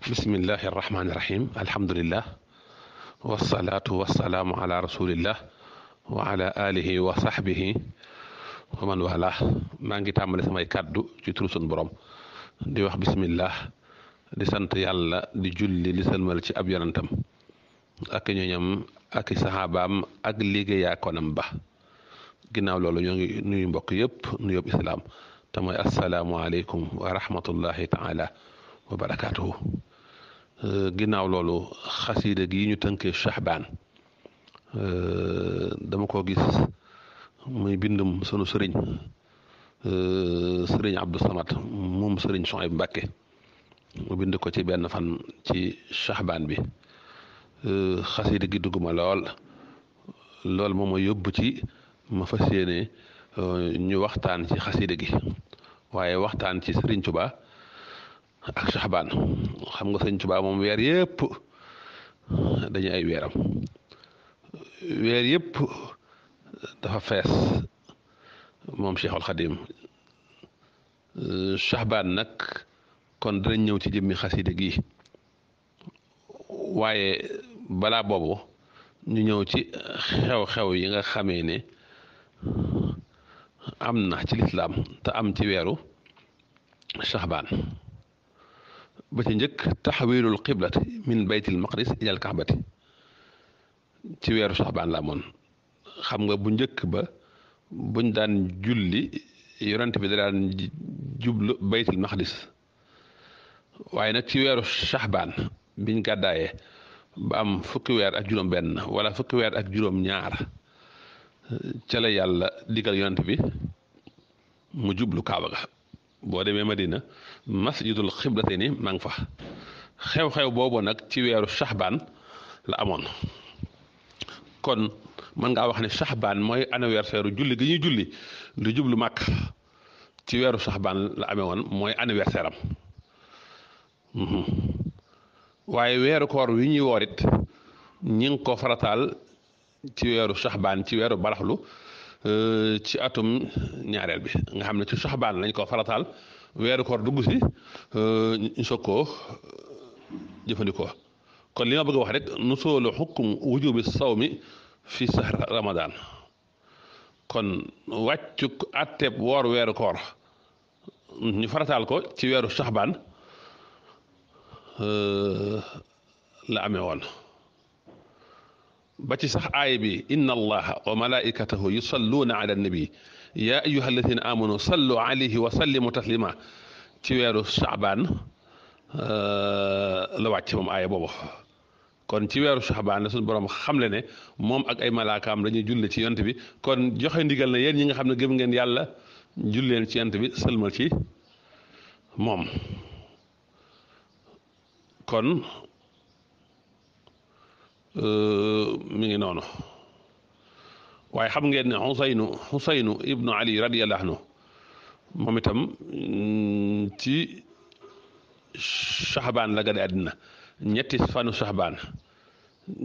bismillahi arrahmani irrahim alhamdulilah wasalaatu wasalaamu ala rasulillah wa ala alihi wa sahbihi wa man wala maa ngi tàmbale samay kàddu ci turu sunu borom di wax bismillah di sant yàlla di julli di sëlmal ci ab yonantam ak ñooñam ak i saxaabaam ak liggéeyaa konam ba ginnaaw loolu ñoo ngi nuyu mbokk yëpp nuyób islaam te mooy asalaamualeykum wa taala wa Euh, ginnaaw loolu xasiida gi ñu tënkee Shahbaan euh, dama ko gis muy bindum sunu sëriñ euh, sëriñ Abdou Samad moom sëriñ Suhayb Mbàkke mu bind ko ci benn fan ci Shahbaan bi xasiida gi dugg lool lool moom ma yóbbu ci ma fas yéene ñu waxtaan ci xasiida gi waaye waxtaan ci sëriñ Tuubaa ak saxbaan xam nga sëñ Tuubaa moom weer yëpp dañu ay weeram weer yëpp dafa fees moom Cheikhul Xadim saxbaan nag kon danañ ñëw ci jëmmi xasida gi waaye balaa boobu ñu ñëw ci xew-xew yi nga xamee ne am na ci lislaam te am ci weeru saxbaan ba ci njëkk taxawilul qiblat min baytil maqdis ilal kaxbati ci weeru saxbaan la moon xam nga bu njëkk ba buñ daan julli yonent bi da daan jublu baytil maqdis waaye nag ci weeru saxbaan biñ gàddaayee ba am fukki weer ak juróom benn wala fukki weer ak juróom ñaar ca la yàlla digal yonent bi mu jublu kaaba ga boo demee Madina masjidul xiblatayni maa ngi fa xew-xew boobu nag ci weeru Saxbaan la amoon kon mën ngaa wax ne Saxbaan mooy anniversaire julli gi ñuy julli lu jublu màkk ci weeru Saxbaan la amee woon mooy anniversaire mhm. waaye weeru koor wi ñuy woor it ñi ngi ko farataal ci weeru Saxbaan ci weeru baraxlu Euh, ci atum ñaareel bi nga xam ne ci soxbaan lañ koo farataal weeru koor dugg si euh, ñu soog koo euh, jëfandikoo kon li ma bëgg wax rek nu soolu xukkum wujubi mi fi sahr ramadan kon wàccuk àtteeb woor weeru koor ñu farataal ko ci weeru soxbaan la amee woon ba ci sax aay bi inna allaha wa malaikatahu yusalluuna ala annabi yaa ayuha alladina amanu sallu alayhi wa sallimu taslima ci weeru chaabaan eh, la ci moom aaya boobu kon ci weeru chaabaan la suñu xam xamle ne moom ak ay malaakaam dañuy julle ci yont bi kon joxe ndigal na yéen ñi nga xam ne gëm ngeen yàlla julleen ci yont bi sëlmal ci moom kon mu ngi noonu waaye xam ngeen ne xusaynu xusaynu ibnu ali radiyallahu moom itam mm, ci saxbaan la gane àddina ñetti fanu saxbaan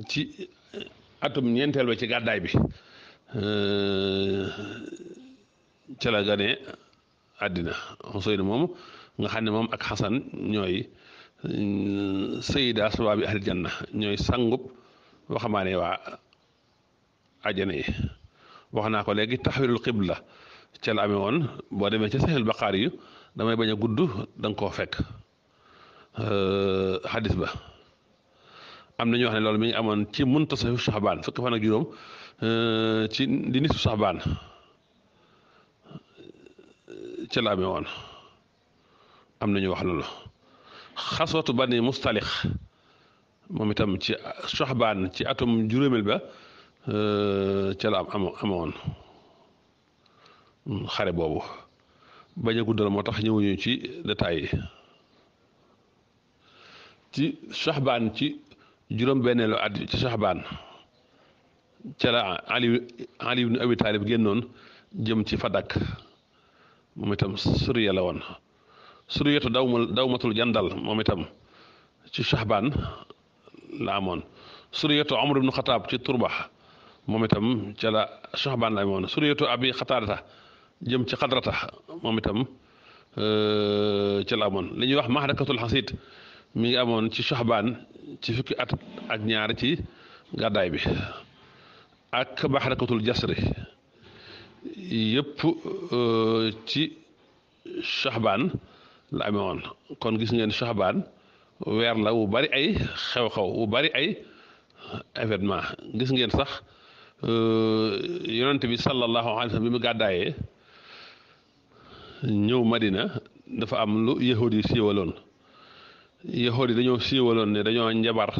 ci atum ñeenteel ba ci gàddaay bi eh, ca la gane àddina xusaynu moom nga xam ne moom ak xasan ñooy mm, sayida asbaabi ahli janna ñooy sangub waxambaane waa àjjana yi wax naa ko léegi taxawilul xibla ca la amee woon boo demee ca saxil baqaar yu damay bañ a gudd danga koo fekk euh, xadis ba am na ñu wax ne loolu mi ngi amoon ci muntasafu saxbaan fukki fan ak juróom euh, ci di nisu saxbaan euh, ca la amee woon am na ñu wax loolu xasootu bani mustalix moom itam ci soxbaan ci atum juróomil ba euh, ca am amoon xare boobu bañ a guddal moo tax ñëwuñu ci détails ci soxbaan ci juróom-benneelu at ci soxbaan ca la Ali Ali ibn Abi génnoon jëm ci Fadak moom itam suriya la woon suriyatu daw matul jandal moom itam ci soxbaan la amoon suriyatu Umar ibnu ci turbax itam ca la Soxbaan la amoon suriyatu abi xataadata jëm ci xadrata moom itam euh, ca la amoon li ñuy wax mahrakatul xasid mi ngi amoon ci Soxbaan ci fukki at ak ñaar ci gàddaay bi ak mahrakatul jasri yëpp euh, ci Soxbaan la amee kon gis ngeen Soxbaan weer la wu bari ay xew-xew wu bari ay événement gis ngeen sax euh, yonent bi sallallahu alayhi wa bi mu gàddaayee ñëw Madina dafa am lu yahud yi siiwaloon yahud yi dañoo siiwaloon ne dañoo njabar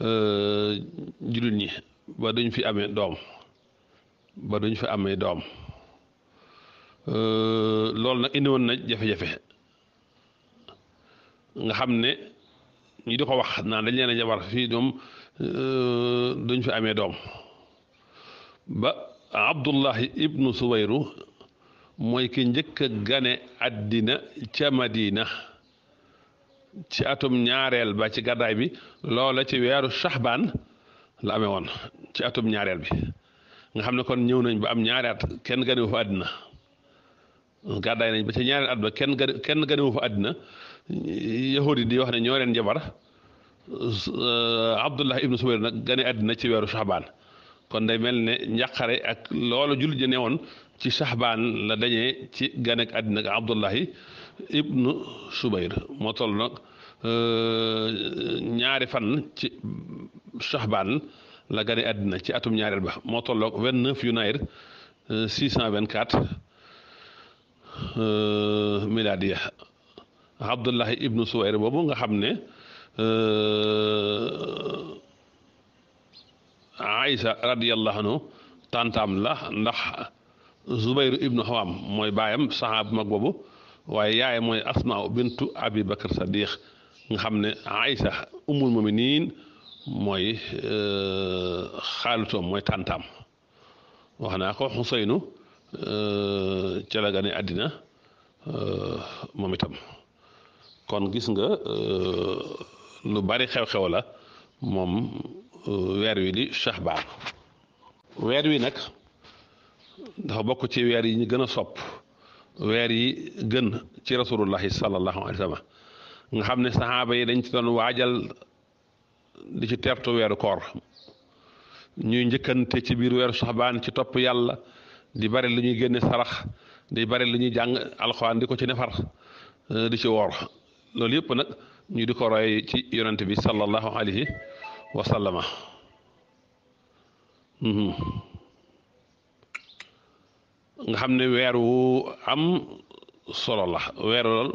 euh, jullit ñi ba duñ fi amee doom ba duñ fi amee doom euh, loolu nag indi woon na jafe-jafe nga xam ne ñi di ko wax naan dañ leen a jabar fii doom euh, duñ fi amee doom ba abdullahi ibnu suwayru mooy ki njëkk a gane àddina ca madina ci atum ñaareel ba ci gàddaay bi loola ci weeru saxbaan la amee woon ci atum ñaareel bi nga xam ne kon ñëw nañ ba am ñaari kenn ganewu fa àddina gàddaay nañ ba ci ñaareel at ba kenn kenn ganewu fa àddina yahudi di wax ne ñoo leen jabar eh, abdullah ibnu subayr nag gane àddina ci weeru saxbaan kon day mel ne njàqare ak loolu jullit ja ne woon ci saxbaan la dañee ci gane ak àddina ak abdullahi ibnu subayr moo toll eh, ñaari fan ci saxbaan la gane àddina ci atum ñaareel ba moo tolloog 29 yunayr 624 milaadiya Abdullahi ibnu Suwayr boobu nga xam ne euh, Aïsa radiyallahu la ndax Zubayru ibnu Xawaam mooy baayam saxaab mag boobu waaye yaay mooy Asmaa bintu Abi Bakr Sadiq nga xam ne Aïsa umul muminin mooy euh, xaalutoom mooy tàntaam wax naa ko Xuseynu euh, ca la gane àddina kon gis nga euh, lu bari xew-xew la moom euh, weer wi di shahbaan weer wi nag dafa bokk ci weer yi ñu gën a sopp weer yi gën ci rasulullahi sallallahu alayhi wa sallam nga xam ne saxaaba yi dañ ci doon waajal di ci teertu weeru koor ñuy njëkkante ci biir weeru shahbaan ci topp yàlla di bari lu ñuy génne sarax di bari lu ñuy jàng alxuraan di ko ci nefar euh, di ci woor loolu yëpp nag ñu di ko roy ci yonent bi sallallahu alayhi wa sallama mhm. nga xam ne weer wu am solo la weer lool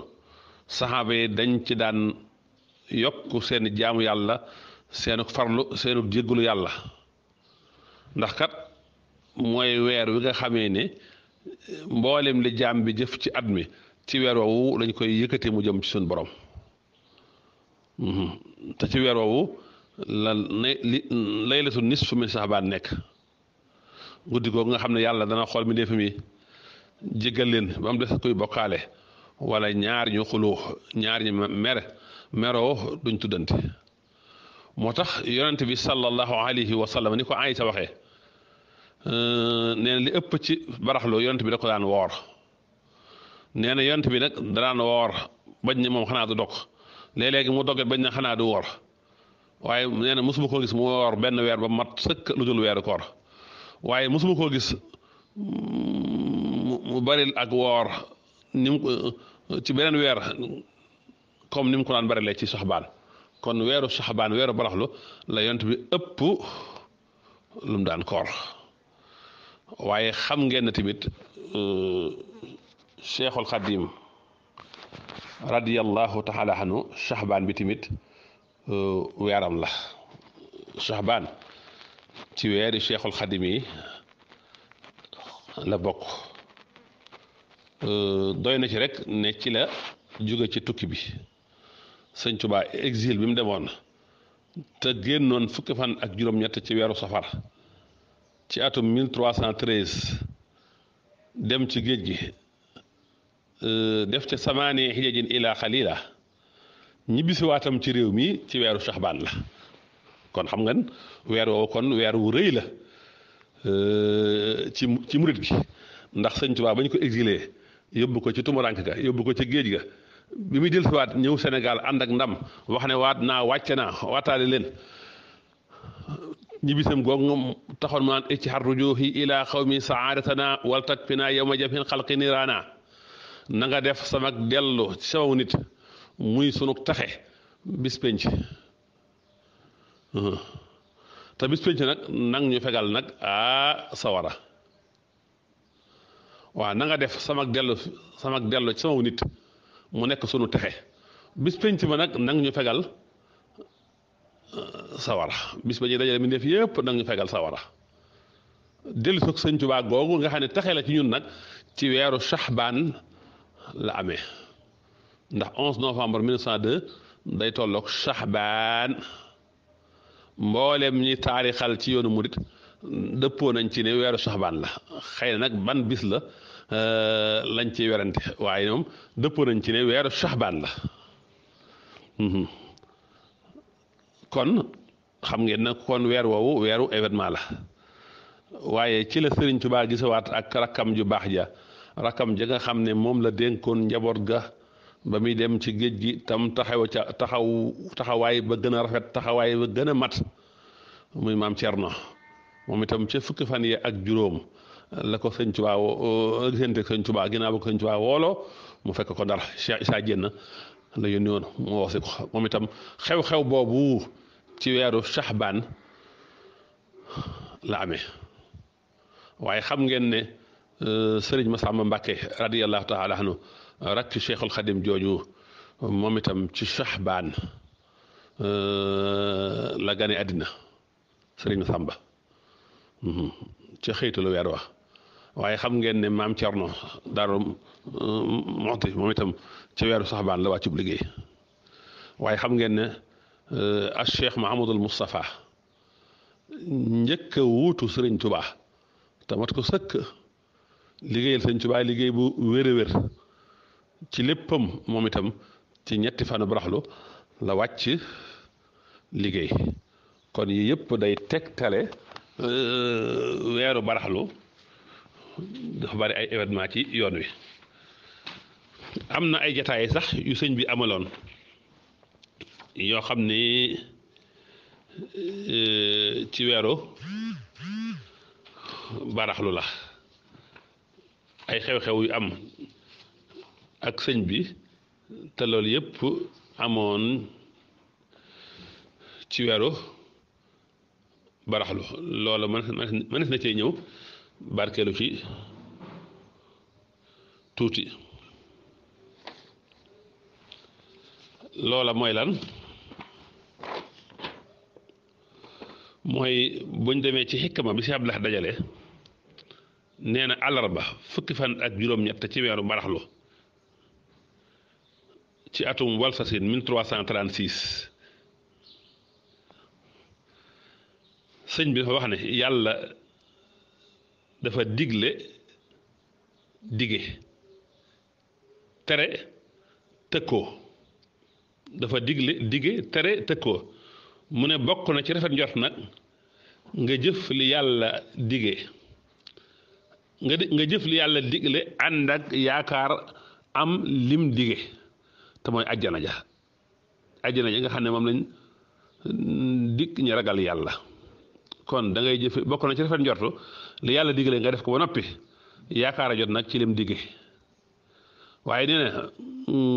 saxaaba yi dañ ci daan yokk seen jaamu yàlla seenu farlu seenu jéggulu yàlla ndax kat mooy weer wi nga xamee ni mboolem li jaam bi jëf ci at mi ci weer woowu lañ koy yëkkati mu jëm ci suñ borom te ci weer woowu la ne li laylatul nisfu min saxbaan nekk guddi googu nga xam ne yàlla dana xool mi defa mi jéggal leen ba mu des kuy bokkaale wala ñaar ñu xuloo ñaar ñu mere meroo duñ tuddante moo tax yonent bi sallallahu alayhi wa sallam ni ko Aysa waxee nee na li ëpp ci baraxloo yonent bi da ko daan woor nee na yonent bi nag danaan woor bañ ne moom xanaa du dog léeg-léegi mu doget bañ ne xanaa du woor waaye nee na mosuma koo mu woor benn weer ba mat sëkk lu dul weeru koor waaye mosuma koo gis mu bari ak woor ni ci beneen weer comme ni ko daan barilee ci saxbaan kon weeru saxbaan weeru baraxlu la yonent bi ëpp lu daan koor waaye xam ngeen ne tamit euh, cheikhul xadim radiallahu taala anhu chahbaan bi tamit euh, weeram la chahbaan ci weeri cheikhul xadim yi la bokk euh, doy na ci rek ne ci la jóge ci tukki bi sëñ Tuubaa exil bi mu demoon te génnoon fukki fan ak juróom-ñett ci weeru safar ci atum 1313 dem ci géej gi Euh, def ca samaani xijajin ila xalila ñibbisiwaatam ci réew mi ci weeru saxbaan la kon xam nga weer woowu kon weer wu rëy la euh, ci ci murit gi ndax sëñ Tuubaa ba ñu ko exilé yóbbu ko ci tumurank ga yóbbu ko ci géej ga bi muy dellusiwaat ñëw senegal ànd ak ndam wax ne waat naa wàcce naa waataale leen ñibbisam googu moom taxoon mu naan icc xar rujuuhi ilaa mi saadatana wal takfina naa jamhin xalqi niraana nanga def sama dellu ci sama nit muy sunu taxe bis te bis penc nag nang ñu fegal nag aa sawara waaw na nga def sama dellu sama dellu mu nekk sunu taxe bis penc ba nag nang ñu fegal euh, sawara bis ba ñuy mi def yëpp nang ñu fegal sawara dellu soog sëñ Tuubaa googu nga xam ne taxe la ci ñun nag ci weeru Saxbaan la amee ndax 11 novembre 1902 day tolloog Saxbaan mboolem ñi taarixal ci yoonu murit dëppoo nañ ci ne weeru Saxbaan la xëy na nag ban bis la lañ ci werante waaye moom dëppoo nañ ci ne weeru Saxbaan la kon xam ngeen nag kon weer woowu weeru événement la waaye ci la Sëriñ Tuubaa gisawaat ak rakkam ju baax ja rakam ja nga xam ne moom la dénkoon njaboot ga ba muy dem ci géej gi tam taxaw ca taxaw taxawaay ba gën a rafet taxawaay ba gën a mat muy maam Cerno moom itam ca fukki fan yee ak juróom la ko sëñ Tuubaa euh, gisante sëñ Tuubaa ginnaaw ba ko sëñ Tuubaa woolo mu fekk ko dara Cheikh Issa la yónni woon moom itam xew-xew boobu ci weeru Saxbaan la amee waaye xam ngeen ne sëriñ Masamba Mbacke radiyallahu taala anhu rakk cheikhul xadim jooju moom itam ci Chahbaan la gane àddina sëriñ Masamba ci xëytalu weer wa waaye xam ngeen ne maam Cerno Daaru Muxti moom itam ci weeru Chahbaan la wàccub liggéey waaye xam ngeen ne ak cheikh Mahamadul Moustapha njëkk a wuutu sëriñ Tuubaa tamat ko sëkk liggéeyal sëñ Tuubaa liggéey bu wér a wér ci léppam moom itam ci ñetti fanu baraxlu la wàcc liggéey kon yii yëpp day tegtale euh, weeru baraxlu dafa bari ay événement ci yoon wi am na ay jataay sax yu sëñ bi amaloon yoo xam ni euh, ci weeru baraxlu la ay xew-xew yu am ak sëñ bi te lool yëpp amoon ci weeru baraxlu loola mënees na cee ñëw barkeelu ci tuuti loola mooy lan mooy buñ demee ci xikma bi si Abdullah dajale nee na àllarba fukki fan ak juróom-ñett ci weeru maraxlu ci atum walsasin 1336 sëñ bi dafa wax ne yàlla dafa digle dige tere tëkkoo dafa digle dige tere tëkkoo mu ne bokk na ci rafet njot nag nga jëf li yàlla dige nga di nga jëf li yàlla digle ànd ak yaakaar am lim dige te mooy ajjana ja ajjana ja nga xam ne moom lañ mm, dig ñu ragal yàlla kon dangay ngay jëfe bokk na ci rafet njortu li yàlla digle nga def ko ba noppi yaakaar a jot nag ci lim dige waaye nee na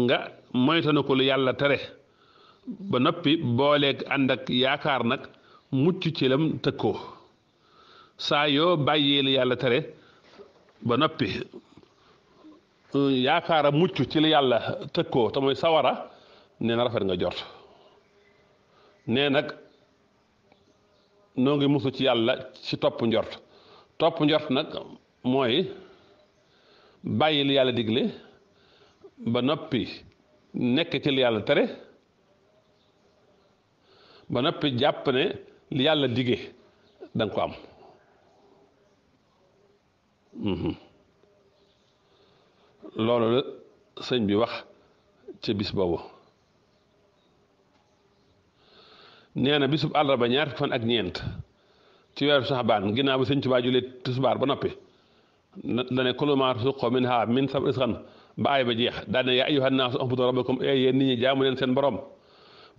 nga moytanu ko lu yàlla tere ba noppi booleeg ànd ak yaakaar nag mucc ci lam tëkkoo saa yoo bàyyee li yàlla tere ba noppi yaakaar a mucc ci li yàlla tëg koo te mooy sawara nee na rafet nga jot nee nag noo ngi musu ci yàlla ci topp njort topp njort nag mooy bàyyi li yàlla digle ba noppi nekk ci li yàlla tere ba noppi jàpp li yàlla dige danga ko am loolu la sëñ bi wax ca bis boobu nee na bisub àllarba ñaar fan ak ñeent ci weeru saxbaan ginnaaw bi sëñ Tuubaa julee tisbaar ba noppi dane kulumaar suqoo min haa min sab risqan ba aay ba jeex daane yaa ayyuhan naasu ubudu rabbakum ee yéen nit ñi jaamu leen seen borom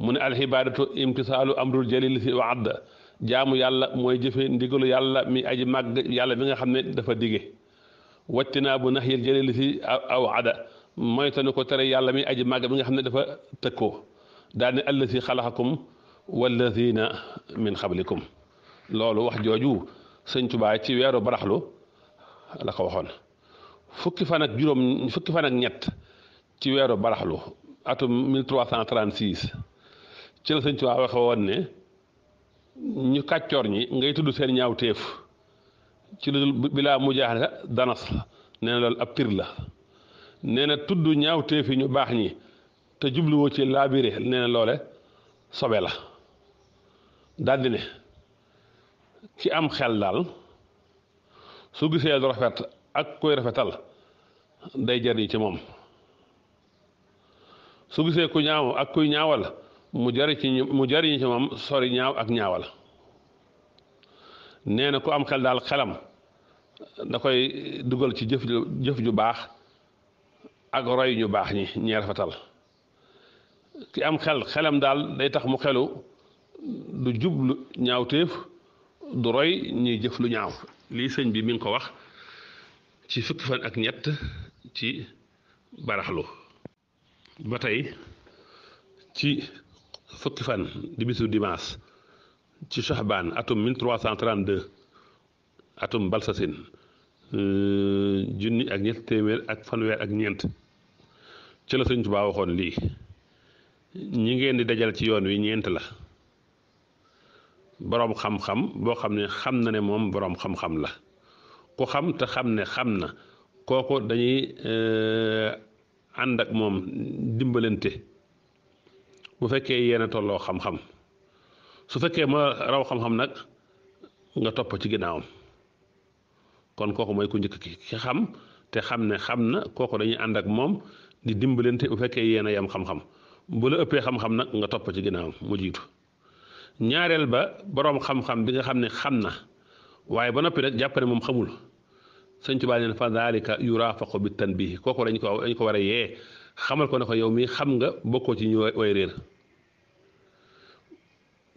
mu ne alxibaadatu imtisaalu amrul jalil si wa adda jaamu yàlla mooy jëfe ndigalu yàlla mi aji màgg yàlla bi nga xam ne dafa dige wattina bu nax yil jëleli si aw ada moytanu ko tere yàlla mi aji màgg bi nga xam ne dafa tëkkoo daane allasi xalaxakum wallazina min xablikum loolu wax jooju sëñ Tuubaa ci weeru baraxlu la ko waxoon fukki fan ak juróom fukki fan ak ñett ci weeru baraxlu atum 1336 ci la sëñ Tuubaa waxe woon ne ñu kàccoor ñi ngay tudd seen ñaawteef ci lu bilaa mujaaxala danas la nee na ab pir la nee na ñaaw téef yi ñu baax ñi te jubluwoo ci laabire nee na loole sobe la daldi ne ki am xel daal su gisee lu rafet ak kuy rafetal day jariñ ci moom su gisee ku ñaaw ak kuy ñaawal mu jari ci moom sori ñaaw ak ñaawal nee na ku am xel daal xelam da koy dugal ci jëf ju baax ak roy ñu baax ñi ñeer fatal ki am xel xelam daal day tax mu xelu du jublu ñaawteef du roy ñuy jëf lu ñaaw lii sëñ bi mi ngi ko wax ci fukki fan ak ñett ci baraxlu ba tey ci fukki fan di bisu dimanche ci Chahbaan atum 1332 atum Balsasin euh, junni ak ñett téeméer ak fanweer ak ñeent ci la Sëñ Tuubaa waxoon lii ñi ngeen di dajal ci yoon wi ñeent la boroom xam-xam boo xam ne xam na ne moom boroom xam la ku xam te xam ne xam na kooku dañuy euh, ànd ak moom dimbalante. bu fekkee yéena tolloo xam-xam su fekkee ma raw xam-xam nag nga topp ci ginnaawam kon kooku mooy ku njëkk ki ki xam te xam ne xam na kooku dañuy ànd ak moom di dimbalante bu fekkee yéen a yem xam-xam bu la ëppee xam-xam nag nga topp ci ginnaawam mu jiitu ñaareel ba boroom xam-xam bi nga xam ne xam na waaye ba noppi rek jàpp moom xamul sëñ Tuubaa ne fa daalika yuraafaqu bi tanbiih kooku dañ ko dañ ko war a yee xamal ko ne ko yow mi xam nga bokkoo ci ñu way réer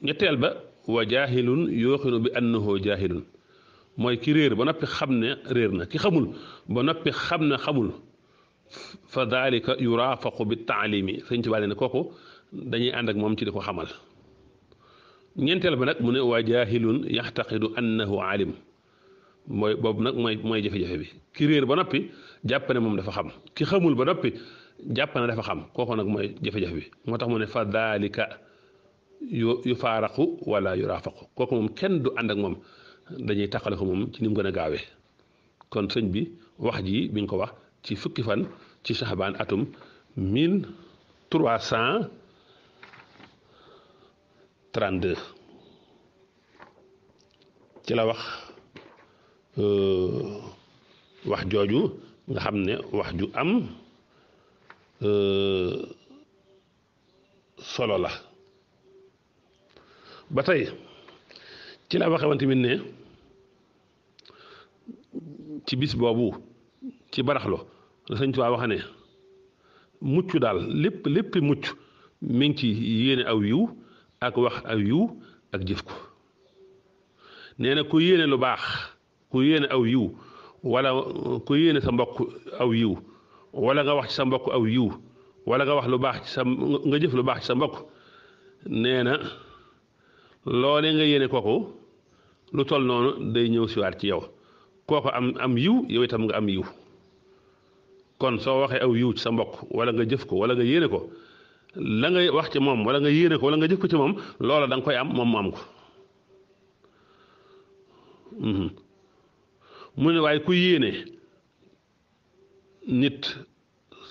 ñetteel ba wa jaahilun yooxinu bi annahu jaahilun mooy ki réer ba noppi xam ne réer na ki xamul ba noppi xam ne xamul fa dalika yuraafaqu bi taalimi sëñ ci ne kooku dañuy ànd ak moom ci di ko xamal ñeenteel ba nag mu ne wa jaahilun yaxtaqidu annahu alim mooy boobu nag mooy mooy jafe-jafe bi ki réer ba noppi jàpp ne moom dafa xam ki xamul ba noppi jàpp na dafa xam kooku nak moy jafe-jafe bi motax tax ne fa dalika yu yu wala yurafaqu raafaqu mom kenn du and ak mom dañuy takal ko mom ci nim gëna gaawé kon señ bi wax ji biñ ko wax ci fukki fan ci saxbaan atum 1332 ci la wax euh, wax joju nga xamne wax ju am. solo la ba tey ci la waxe woon ne ci bis boobu ci baraxlu la Sëñ Tuubaa wax ne mucc daal lépp lépp mucc mi ngi ci yéene aw yiw ak wax aw yiw ak jëf ko nee na ku yéene lu baax ku yéene aw yiw walla ku yéene sa mbokk aw yiw wala nga wax ci sa mbokk aw yiw wala nga wax lu baax ci sa nga jëf lu baax ci sa mbokk nee na loolee nga yéene kooku lu toll noonu day ñëw siwaat ci yow kooku am am yiw yow itam nga am yiw kon soo waxee aw yiw ci sa mbokk wala nga jëf ko wala nga yéene ko la nga wax ci moom wala nga yéene ko wala nga jëf ko ci moom loola danga koy am moom mu am ko mhm. mu ne waaye ku yéene nit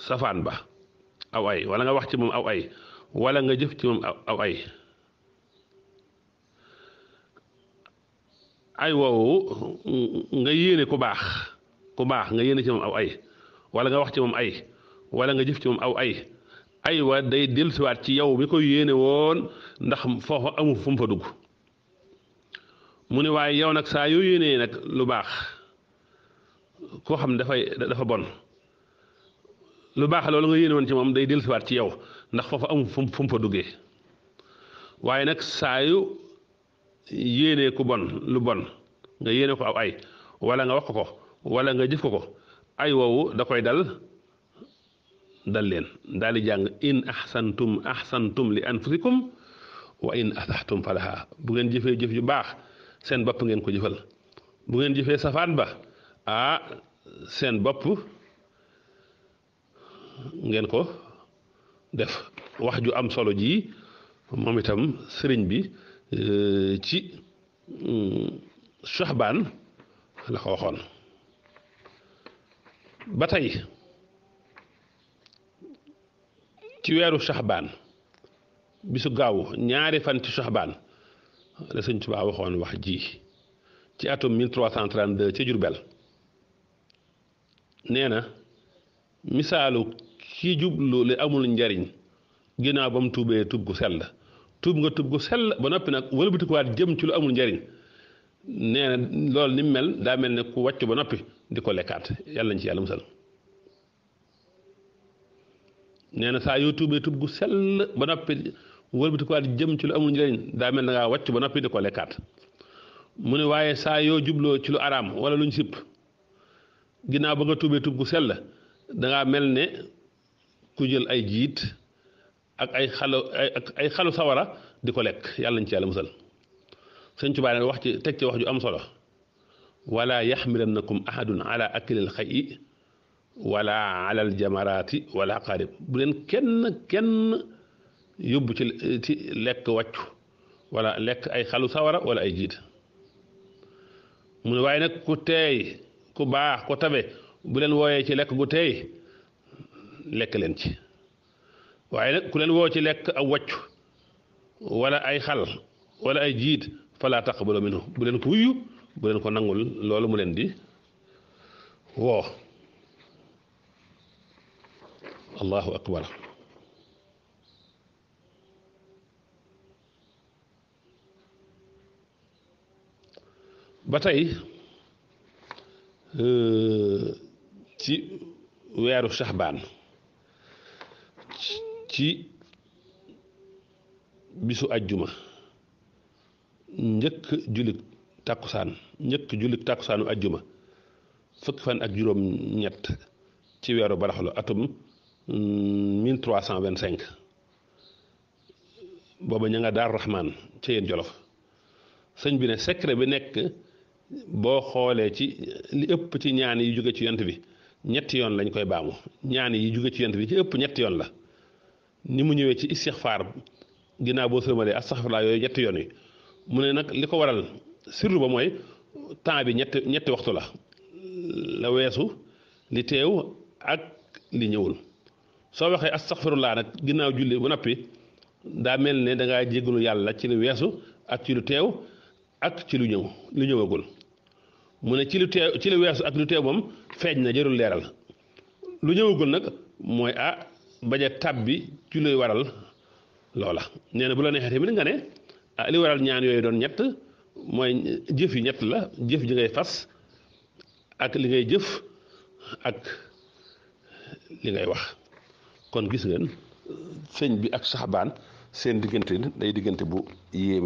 safaan ba aw ay wala nga wax ci moom aw ay wala nga jëf ci moom aw ay ay woowu nga yéene ku baax ku baax nga yéene ci moom aw ay walla nga wax ci moom ay wala nga jëf ci moom aw ay ay wa day dellusiwaat ci yow mi koy yéene woon ndax foofa amul fu fa dugg mu ne waaye yow nag saa yoo yéenee nag lu baax koo xam dafay dafa bon lu baax loolu nga yéene woon ci moom day dellusiwaat ci yow ndax foofa amul fu mu fa duggee waaye nag saa yu ku bon lu bon nga yéene ko aw ay wala nga wax ko ko wala nga jëf ko ko ay woowu da koy dal dal leen daal di jàng in ahsantum ahsantum li anfusikum wa in asaxtum falaha bu ngeen jëfee jëf yu baax seen bopp ngeen ko jëfal bu ngeen jëfee safaan ba ah seen bopp ngeen ko def wax ju am solo jii moom itam sëriñ bi euh, ci Shahbaan la ko waxoon ba tey ci weeru Shahbaan bisu gaaw ñaari fan ci Shahbaan la sëñ Tuubaa waxoon wax ji ci atum 1332 ci Jurbel nee na misaalu ci jublu li amul njariñ ginnaaw ba mu tuubee tub gu sell tuub nga tub gu sell ba noppi nag wëlbatikuwaat jëm ci lu amul njariñ nee na loolu ni mel daa mel ne ku wàcc ba noppi di ko lekkaat yàlla ci yàlla musal nee na saa yoo tuubee tub gu sell ba noppi wëlbatikuwaat jëm ci lu amul njariñ daa mel na ngaa wàcc ba noppi di ko lekkaat mu ne waaye saa yoo jubloo ci lu araam wala luñ sipp ginnaaw ba nga tuubee tub gu sell dangaa mel ne ku jël ay jiit ak ay xalu ay xalu sawara di ko lekk yàlla ñu ci yàlla musal sëñ Tuubaa nag wax ci teg ci wax ju am solo wala yaxmilannakum ahadun ala akilil xay wala ala aljamaraati wala aqaarib bu leen kenn kenn yóbbu ci ci lekk wàccu wala lekk ay xalu sawara wala ay jiit mu ne waaye nag ku teey ku baax ku tabe bu leen wooyee ci lekk gu teey lekk leen ci waaye nag ku leen woo ci lekk aw wàccu wala ay xal wala ay jiit falaa taqbalu minhu bu leen ko wuyu bu leen ko nangul loolu mu leen di woo allahu akbar ba tey ci weeru saxbaan ci bisu ajjuma njëkk jullit tàkkusaan njëkk jullit tàkkusaanu ajjuma fukki fan ak juróom ñett ci weeru baraxlu atum 1325 mm, booba ña nga daar raxmaan ca yéen jolof sëñ bi ne secret bi nekk boo xoolee ci li ëpp ci ñaan yi jóge ci yont bi ñetti yoon lañ koy baamu ñaani yi jóge ci yont bi ci ëpp ñetti yoon la ni mu ñëwee ci istixfaar ginnaaw boo sëlmalee astaxfirullah yooyu ñetti yoon yi mu ne nag li ko waral sirru ba mooy temps bi ñetti ñetti waxtu la la weesu li teew ak li ñëwul soo waxee astaxfirullah nag ginnaaw julli bu noppi daa mel ne da ngaa jéggalu yàlla ci lu weesu ak ci lu teew ak ci lu ñëw lu ñëwagul mu ne ci lu teew ci lu weesu ak lu teew moom feeñ na jërul leeral lu ñëwagul nag mooy ah bañ a tàbbi ci luy waral loola nee bu la neexee tamit nga ne ah li waral ñaan yooyu doon ñett mooy jëf yi ñett la jëf ji ngay fas ak li ngay jëf ak li ngay wax kon gis ngeen sëñ bi ak saxbaan seen diggante day diggante bu yéeme